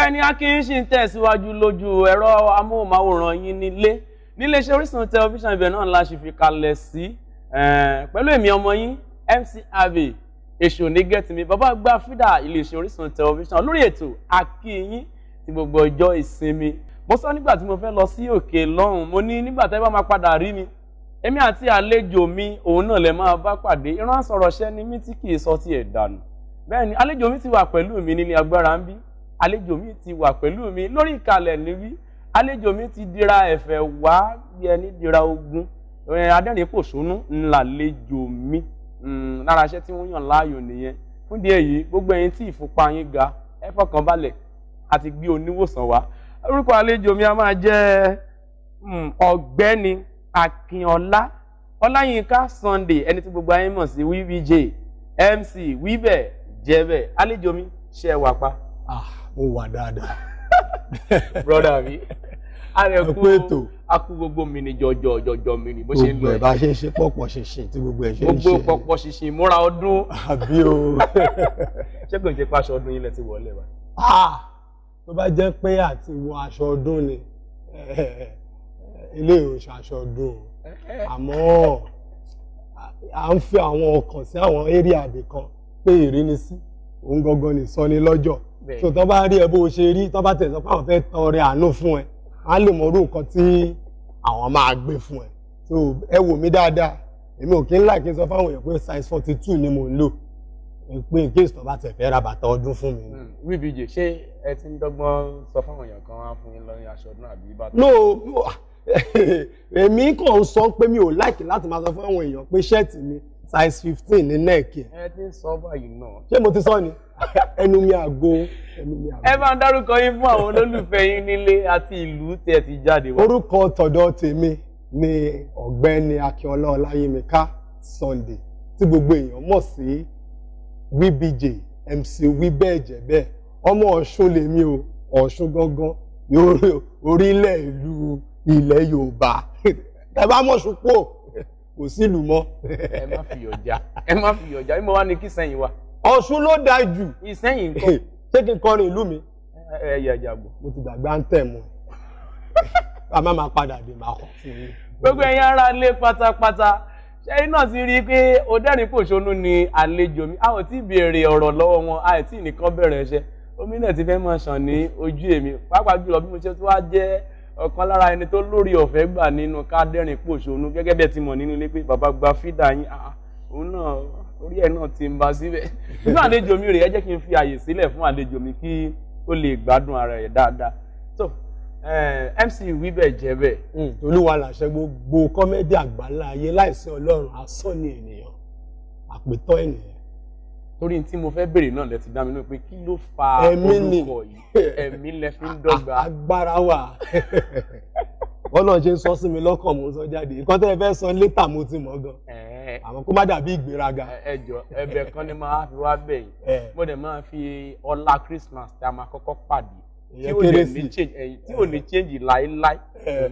Ọ̀gbẹ́ni Akin ṣì ń tẹ̀síwájú lójú ẹ̀rọ amóhùnmáwòrán yín nílé níléeṣẹ́ Orísun tẹlifíṣàn ibẹ̀ náà la ṣì fi kalẹ̀ sí pẹ̀lú èmi ọmọ yín MC Abbey èṣù ní gẹ́tìmí bàbá gbá fídà iléeṣẹ́ Orísun tẹlifíṣàn lórí ètò Akíìyín ti gbogbo ọjọ́ ìsinmi mo sọ nígbà tí mo fẹ́ lọ sí òkè lọ́hùn mo ní nígbà tẹ́ bá máa padà rí mi èmi àti àlejò mi òun náà lè máa bá pàdé ìran sọ̀rọ̀ ṣẹ́ ni tí kì í sọ tiẹ̀ dànù bẹ́ẹ̀ ni àlejò mi ti wà pẹ̀lú mi nílé agbára ń bí àlejò mi ti wà pẹ̀lú mi lórí ìkàlẹ̀ níbí àlejò mi ti dira ẹ̀fẹ̀ wá bí ẹni dira ogun adẹ́rìn pòṣónú ńlá lejò mi hmm, lára iṣẹ́ tí wọ́n yàn láàyò nìyẹn fún díẹ̀ yìí gbogbo ẹ̀yin tí ìfúnpá yín ga ẹ fọkàn balẹ̀ àti gbé oníwòsàn wá orúkọ àlejò mi a máa jẹ́ hmm, ọ̀gbẹ́ni Akínọlá Ọláyínká Sunday ẹni tí gbogbo ayé mọ̀ sí wbj mc wíbẹ̀ jẹ́bẹ̀ àlejò mi ṣe wà pa. Ah ó wà dáadáa. brother mi àlẹkù ètò akú gbogbo mi ni jọjọ jọjọ mi ni bó ṣe ń lọ ẹ bá ṣe ń ṣe pọpọ ṣinṣin tí gbogbo ẹ ṣe ń ṣe gbogbo pọpọ ṣinṣin ìmúra ọdún. àbí o. ṣé kò ń ṣe paṣọ ọdún yín lẹ ti wọlé wa. tó bá jẹ́ pé àti wọ aṣọ ọdún ni ilé ìròṣà aṣọ ọdún eh, eh. àmọ́ à ń fi àwọn ọkàn sí àwọn eré àbìkan pé ìrínisí òun gangan ni sọ ni lọ́jọ́ so tó bá rí ẹ bó ṣe rí tó bá tẹ̀sán pé àwọn fẹ́ tọrẹ àánú fún ẹ á lè mọ orú nǹkan tí àwọn máa gbé fún ẹ so ẹ wò mí dáadáa èmi ò kí ń láì kí n sọ fáwọn èèyàn pé size forty two ni mo ń lò pé case tó bá tẹ̀ fẹ́ ra bàtà ọdún fún mi. Hmm. wíbi jè ṣé ẹ ti ń dọ́gbọ́n sọ fáwọn èèyàn kan á fún yín lọ ní aṣọ ọdún àbí bàtà. no èmi kàn ń sọ pé mi ò láìkì láti máa sọ fáwọn èèyàn pé ṣẹ́ẹ̀tì mi size fifteen ní nẹ́ẹ̀kì. ẹ ti sọ báyìí náà. ṣé mo ti sọ ni ẹnu mi àgbo ẹnu mi àgbo. ẹ máa dárúkọ yín fún àwọn olólùfẹ́ yín nílé àti ìlú tí ẹ ti jáde wá. orúkọ tọ̀dọ̀ tèmi ni ọ̀gbẹ́ni akínọlá ọláyímíká Sunday tí gbogbo èèyàn mọ̀ sí wbj mc wíbẹ́ẹ̀jẹ̀ bẹ́ẹ̀ ọmọ ọ̀ṣun lèmi o ọ̀ṣun gangan orílẹ̀ ìlú ilẹ̀ yorùbá ẹ bá mọ̀ ṣùpọ̀ kò sílùú mọ́. ẹ má fi ọjà ẹ má fi ọjà bí mo wá ní kí sẹ́yìn wa. ọ̀ṣun ló dáa jù. ìsẹ́yìn nǹkan. ṣé kí n kọrin ìlú mi. ẹ ẹ yà jàgbó. mo ti gbàgbá ń tẹ̀ mọ́ a má máa padà dé máa kọ fún yín. gbogbo ẹ̀yin ará ilé pátápátá ṣẹ́yìn náà ti rí i pé ọdẹ́rìn kò ṣonú ni àlejò mi a ò tí ì béèrè ọ̀rọ̀ lọ́wọ́ wọn a ì tí ì nìkan bẹ̀rẹ̀ ẹ̀ṣẹ̀ omi náà ti fẹ́ máa ṣàn ní ojú èmi pàápàá jùlọ bí mo ṣe tún wá jẹ́ ọ̀kan lára ẹni tó lórí ọ̀fẹ́ gbà nínú kádẹ́rìn pòṣónú gẹ́gẹ́ bẹ́ẹ̀ ti mọ̀ nínú ilé pé bàbá gba fídà yín ah, ah, òun náà orí ẹ̀ náà ti ń ba síbẹ̀ nínú àlejò mi rèé ẹ jẹ́ kí n fi àyè sílẹ̀ fún àlejò mi kí ó lè gbádùn ara ẹ̀ dáadáa tó eh, MC Wíbẹ̀ Jẹ́bẹ̀. Hmm, olúwa làṣẹ gbogbo kọ́mẹ́dì àgbáńlá ayé láìsí ọlọ́run asán ni ènìyàn àpètọ́ ènìyàn torí tí mo fẹ́ béèrè náà lẹ ti dá mi lóhùn pé kí ló fa orúkọ yìí ẹ̀mí lẹ fi ń dọ́gba. agbára wà wọn náà ṣe ń sọ sí mi lọ́kàn mo ń sọ jáde nǹkan tẹ́ ẹ fẹ́ sọ létà mo ti mọ̀ gan àmọ́ kó má dàbí ìgbéraga. ẹ jọ ẹ̀bẹ̀ kan ni máa fi wá bẹ̀ yìí mo dẹ̀ máa fi ọlá Christmas tá a máa kọ́kọ́ pàdé tí ò lè ní change tí ò ní change láéláé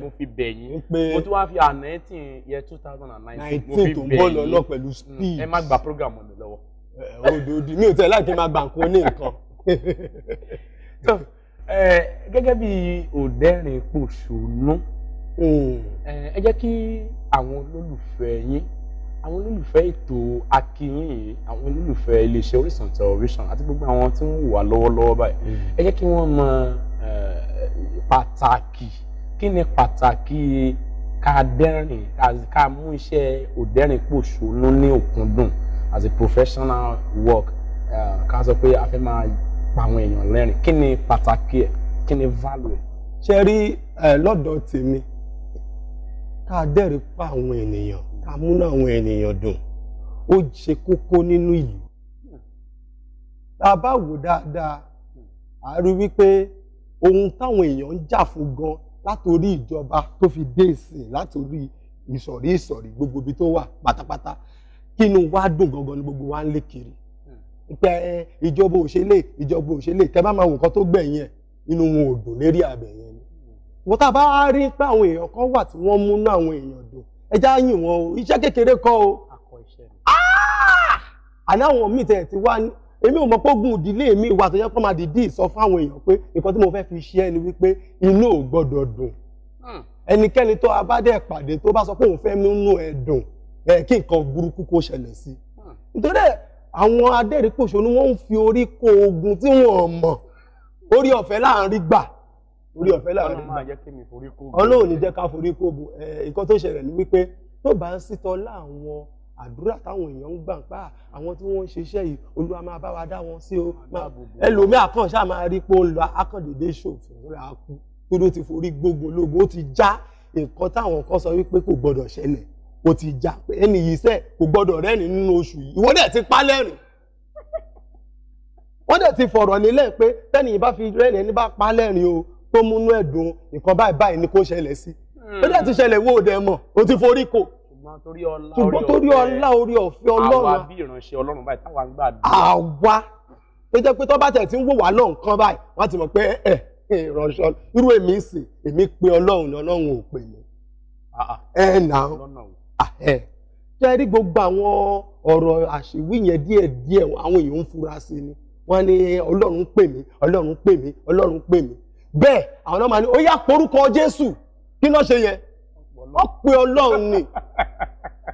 mo fi bẹ̀ yín mo tún wá fi àná ẹ̀tìn yẹ two thousand and nineteen mo fi bẹ̀ yín mm, ẹ má gba program ọ̀nà lọ́wọ́ òdòdì mi ò tẹ̀ láì kí n máa gbà nǹkan ní nǹkan. gẹ́gẹ́ bí òdẹ́rìn pòṣónú hmm. ẹ jẹ́ kí àwọn olólùfẹ́ yín àwọn olólùfẹ́ ètò akínyìn yìí àwọn olólùfẹ́ iléeṣẹ́ Orísun television àti gbogbo àwọn tí wọ́n wà lọ́wọ́lọ́wọ́ báyìí hmm. ẹ jẹ́ kí wọ́n mọ pàtàkì kí ni pàtàkì ká dẹ́rìn ká mú iṣẹ́ òdẹ́rìn pòṣónú ní òkúndùn as a professional work uh, ká sọ pé a fẹ́ máa pa àwọn èèyàn lẹ́rìn kí ni pàtàkì ẹ̀ kí ni value ẹ̀. ṣe rí lọ́dọ̀ tèmi ká dẹ́rìí pa àwọn ènìyàn ká múná àwọn ènìyàn dùn ó ṣe kókó nínú ìlú tá a bá wò dáadáa a rí wípé ohun táwọn èèyàn ń jà fún gan látòrí ìjọba tó fi dé ìsìn látòrí ìsọ̀rí ìsọ̀rí gbogbo ibi tó wà pátápátá kínú wa dùn gangan ní gbogbo wa ń lé kiri hmm. pé ẹ ìjọba òṣèlè ìjọba òṣèlè tẹ bá máa wò nǹkan tó gbẹ̀yìn ẹ̀ inú wọn ò dùn lérí àbẹ̀ yẹn ni hmm. wọ́n tá a bá rí pé àwọn èèyàn kan wà tí wọ́n múnú àwọn èèyàn dùn ẹ já yìn wọn o iṣẹ́ kékeré kọ́ o ah! àná àwọn míì tẹ̀ ti wá èmi ò mọ̀ pé ogun ìdílé mi wà tó yẹ kó máa dìídì sọ fún àwọn èèyàn pé nǹkan tí mo fẹ́ fi ṣe ni wípé inú ò gbọ́dọ̀ dùn hmm. ẹnikẹ́ni tó a pàdé tó bá sọ pé òun fẹ́ múnú ẹ dùn kí nǹkan burúkú kó ṣẹlẹ̀ sí nítorí àwọn adẹ́rìnpòṣónú wọ́n ń fi orí kó ogun tí wọ́n mọ̀ orí ọ̀fẹ́ láàrin gbà orí ọ̀fẹ́ láàrin gbà ọlọ́run ní jẹ́ ká forí kó ogun nǹkan tó ṣẹlẹ̀ ni wípé tó bá ń sítọ́ láwọn àdúrà táwọn èèyàn ń gbà ń pa àwọn tí wọ́n ń ṣiṣẹ́ yìí olúwa máa bá wa dá wọn sí o ẹlòmíà kan ṣáà máa rí pé ó ń lọ akọ́dédé ṣòfò rẹ̀ á kú kí ló ti forí gbógun ológun ó ti já nǹkan táwọn kan sọ wípé kò gbọdọ̀ ṣẹlẹ̀ o ti jà pé ẹni yìí sẹ́ kò gbọ́dọ̀ rẹ́rìn nínú oṣù yìí ìwọ dẹ̀ ti pa lẹ́rìn wọ́n dẹ̀ ti fọ̀rọ̀ nílẹ̀ pé tẹ́ni yìí bá fi rẹ́rìn ẹni bá pa lẹ́rìn o tó múnú ẹ̀dùn nǹkan báyìí báyìí ni kó ṣẹlẹ̀ sí ó dẹ̀ ti ṣẹlẹ̀ wo òde mọ̀ o ti forí kò ṣùgbọ́n torí ọlá orí ọ̀fẹ́ ọlọ́run àwa bí ìránṣẹ́ ọlọ́run báyìí táwa ń gbàdúrà àwa tó jẹ́ pé tó bá tẹ̀ tí ń wò wá lọ́n kan báyìí wọ́n ti mọ̀ pé ẹ̀ eh, eh, eh, ìránṣẹ́ irú èmi sì èmi pe ọlọ́run ni ọlọ́run ò pè mí ẹ̀ ah, ah. náà jẹ́rí gbogbo àwọn ọ̀rọ̀ àṣewí yẹn díẹ̀díẹ̀ àwọn èèyàn ń fura sí ni wọ́n ní ọlọ́run pè mí ọlọ́run pè mí ọlọ́run pè mí bẹ́ẹ̀ àwọn náà máa ní ó yá porúkọ jésù kí náà ṣe yẹn ó pe ọlọ́run ni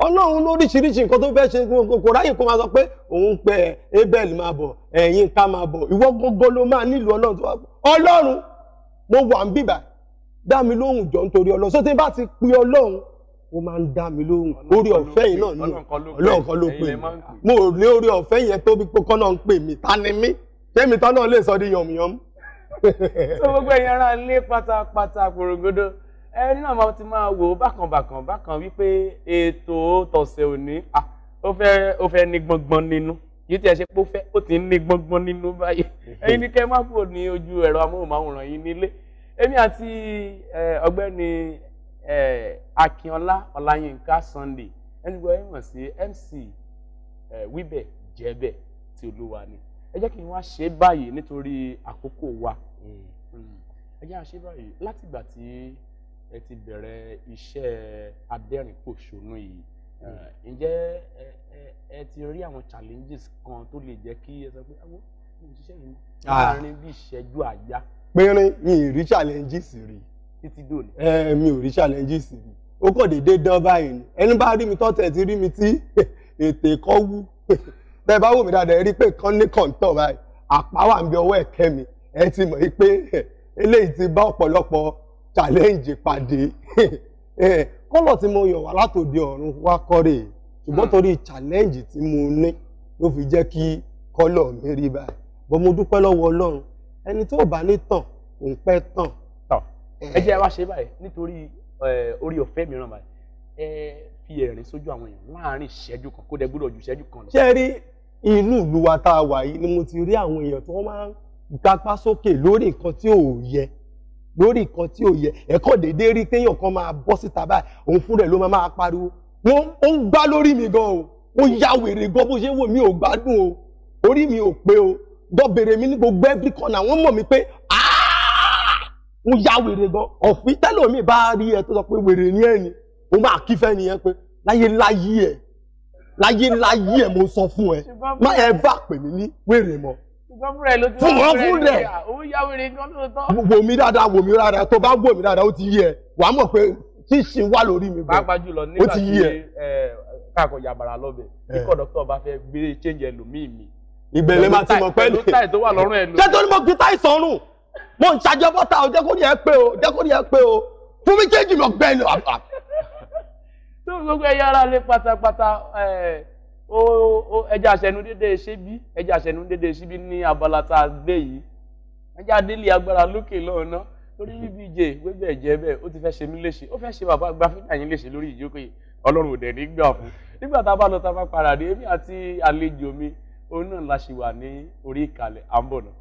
ọlọ́run lóríṣiríṣi nǹkan tó fẹ́ ṣe kò ráyè kó máa sọ pé òun pẹ abel máa bọ̀ ẹ̀yin ká máa bọ̀ ìwọ gbogbo ló máa nílò ọlọ́run tó wà bọ̀ ọlọ́run mo wà ń bìbà dá mi lóhùn jọ nítorí ọlọ́run sọ tí bá ti pe ọlọ́run ó máa ń dá mi lóhùn orí ọ̀fẹ́ yìí náà ni ọlọ́ọ̀kan ló pè mí mo ò lé orí ọ̀fẹ́ yẹn tó bí kókó náà ń pè mí ta ni mí tẹ́mi tán náà lè sọ di yànmùyànmù. tó gbogbo ẹ̀yin ará ilé pátápátá gbòrògbòdò ẹni náà máa ti máa wò ó bákan bákan bákan wípé ètò tọ̀sẹ̀ òní ó fẹ́ ó fẹ́ ní gbọ̀ngbọ̀n nínú yìí tí ẹ ṣe pé ó fẹ́ ó ti ní gbọ̀ngbọ̀n nínú báyìí ẹ̀yin ní kẹ́ akínọlá ọláyínká sunday ẹnìgbọ́ ẹ mọ̀ sí mc wíbẹ̀ jẹ́bẹ̀ tí olúwa ni ẹ jẹ́ kí n wá ṣe báyìí nítorí àkókò wa mm-hmm. ẹ jẹ́ àṣe báyìí látìgbà tí ẹ ti bẹ̀rẹ̀ iṣẹ́ adẹ́rìnpòṣónú yìí mm. ǹjẹ́ ẹ ti rí àwọn challenges kan tó lè jẹ́ kí ẹ sọ pé àwọn òṣìṣẹ́ yìí ah. láàárín bí ìṣẹ́jú àyá. péré mi ì rí challenges rí títí dòní. ẹ mi ò rí challenges mi ó kàn déédéé dán báyìí ni ẹni bá rí mi tọ́tẹ̀ ti rí mi tí ètè kọ́ wú tẹ́ bá wò mí dáadáa ẹ rí pé kán ní kọ̀ǹtọ̀ báyìí àpá wà ń bí ọwọ́ ẹ̀kẹ́ mi ẹ ti mọ̀ pé eléyìí ti bá ọ̀pọ̀lọpọ̀ challenge pàdé kọ́lọ̀ tí mo yàn wá látòdì ọ̀run wá kọ́rè ṣùgbọ́n hmm. torí challenge tí mo ní ló fi jẹ́ kí kọ́lọ̀ mi rí báyìí bọ́n mo dúpẹ́ lọ́wọ́ ọlọ́run ẹni tó bá ní tàn kò pẹ́ tàn ẹ jẹ́ wá ṣe báyìí nítorí orí ọ̀fẹ́ mìíràn báyìí ẹ fi ẹ̀rín sójú àwọn èèyàn láàárín ìṣẹ́jú kan kó dẹ gbúdọ̀ ju ìṣẹ́jú kan lọ. ṣé rí inú ìlú wa tá a wà yìí ni mo ti rí àwọn èèyàn tí wọ́n máa ń gbapá sókè lórí nǹkan tí ò yẹ lórí nǹkan tí ò yẹ ẹ̀kọ́ déédéé rí téèyàn kan máa bọ́ síta báyìí òun fún rẹ̀ ló máa máa pariwo wọ́n ó ń gbá lórí mi gan o ó ya wèrè gan bó ṣe wò mí ò gbádùn o orí mi ò pé o gbọ́ mi ní gbogbo every corner wọ́n mọ̀ mí pé à ń ya wèrè gan ọ̀fìn tẹ́lómi bá rí ẹ tó sọ pé wèrè ní ẹ̀yìn ó máa kí fẹ́ nìyẹn pé láyé láyé ẹ̀ láyé láyé ẹ̀ mo sọ fún ẹ má ẹ bá pè mí ní wèrè mọ́ fún wọn fún rẹ wò mí dáadáa wò mí dáadáa tó bá wò mí dáadáa ó ti yé ẹ wàá mọ̀ pé ṣíṣe wà lórí mi bẹ́ẹ̀ ó ti yé ẹ. káàkó yabara lọ́bẹ̀ kíkọ́ eh. dókítà bá fẹ́ gbé change ẹlòmíì mi. ìgbẹ́lẹ́ máa ti mọ̀ pẹ́ẹ́lì tẹ́tọ́ ní mo gbé táìsàn rùn mo ń ṣàjọ bọ́tà o jẹ́kọ́ ni ẹ pé o jẹ́kọ́ ni ẹ pé o fún mi kéjì lọ gbẹ́ lọ. tó gbogbo ẹyà ara lé pátápátá ẹja àṣẹnudédé ṣébí ẹja àṣẹnudédé ṣíbí ní abala tá a gbé yìí ẹja délé agbára lókè lọ́ọ̀nà torí BBJ wébẹ̀ jẹ́ bẹ́ẹ̀ ó ti fẹ́ ṣe mí léṣe ó fẹ́ ṣe bàbá gbafíkà yín léṣe lórí ìjókòó yìí ọlọ́run ò dẹ̀ ní gbà fún nígbà tá a bá lọ tá a bá paradé èmi àti àlejò mi òun náà la ṣì wà ní orí ìkàlẹ̀ à ń bọ̀ náà.